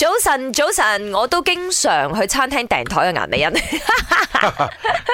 早晨，早晨，我都經常去餐廳訂台嘅顏美欣。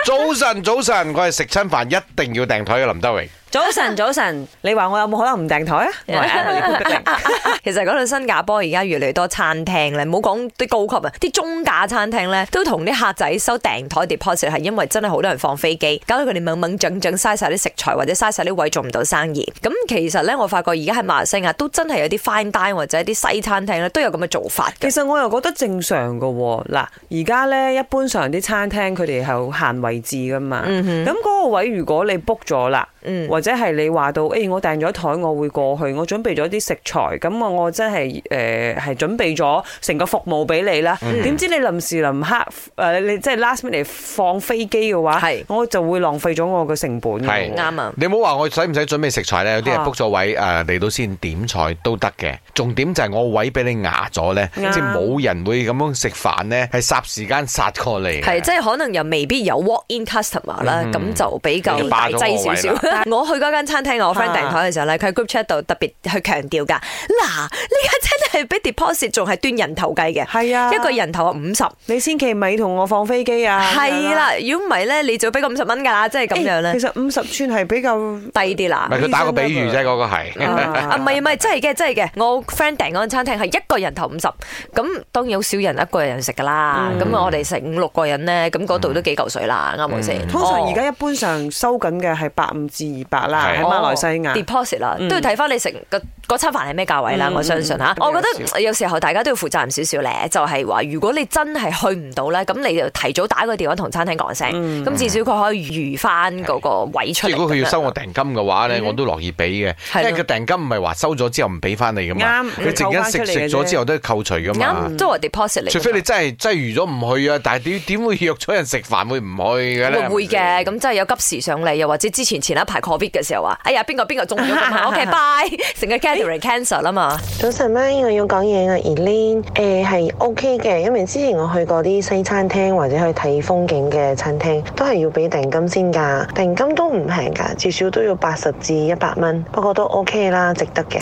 早晨，早晨，我係食餐飯一定要訂台嘅林德榮。早晨，早晨，你話我有冇可能唔訂台啊？Yeah. 其實講到新加坡而家越嚟越多餐廳咧，唔好講啲高級啊，啲中價餐廳咧都同啲客仔收訂台 deposit，係因為真係好多人放飛機，搞到佢哋掹掹整整嘥晒啲食材或者嘥晒啲位，做唔到生意。咁其實咧，我發覺而家喺馬來西亞都真係有啲 fine dine 或者啲西餐廳咧都有咁嘅做法。其實我又覺得正常㗎喎，嗱，而家咧一般上啲餐廳佢哋係會限位。嗯、那那位置噶嘛，咁嗰個位如果你 book 咗啦。或者係你話到，誒、欸，我訂咗台，我會過去，我準備咗啲食材，咁我我真係誒係準備咗成個服務俾你啦。點、嗯、知你臨時臨刻誒、呃，你即係 last minute 放飛機嘅話，我就會浪費咗我嘅成本嘅，啱啊！你唔好話我使唔使準備食材咧？有啲人 book 咗位誒嚟、啊呃、到先點菜都得嘅。重點就係我位俾你牙咗咧，即係冇人會咁樣食飯咧，係霎時間殺過嚟。即係可能又未必有 walk in customer 啦，咁就比較大劑少少。我去嗰間餐廳我 friend 訂台嘅時候咧，佢、啊、喺 group chat 度特別去強調噶，嗱呢間真係俾 deposit 仲係端人頭計嘅，係啊，一個人頭啊五十，你千祈咪同我放飛機啊，係啦，如果唔係咧，你就俾個五十蚊噶啦，即係咁樣咧。其實五十串係比較低啲啦，咪佢打個比喻啫，嗰個係啊，唔係唔係，真係嘅真係嘅，我 friend 訂嗰間餐廳係一個人頭五十，咁當然好少人一個人食噶啦，咁我哋食五六個人咧，咁嗰度都幾嚿水啦，啱唔啱先？通常而家一般上收緊嘅係百五至。二百啦，喺馬來西亞，oh, deposit 啦，都要睇翻你成個嗰餐飯係咩價位啦，嗯？我相信我覺得有時候大家都要負責任少少咧，就係、是、話如果你真係去唔到咧，咁你就提早打個電話同餐廳講聲，咁、嗯、至少佢可以預翻嗰個位出。如果佢要收我訂金嘅話呢，嗯，我都樂意俾嘅，因為個訂金唔係話收咗之後唔俾翻你噶嘛。佢凈係食食咗之後都係扣除噶嘛。都 deposit、嗯、除非你真係真係預咗唔去啊，但係點點會約咗人食飯會唔去嘅會嘅，咁真係有急事上嚟，又或者之前前一排 Covid 嘅時候話，哎呀邊 okay, bye, 個邊個中咗，OK 成 cancer 啦嘛，早晨啦，我要講嘢啊，Elaine，誒係 O K 嘅，因為之前我去過啲西餐廳或者去睇風景嘅餐廳，都係要俾定金先噶，定金都唔平噶，至少都要八十至一百蚊，不過都 O K 啦，值得嘅。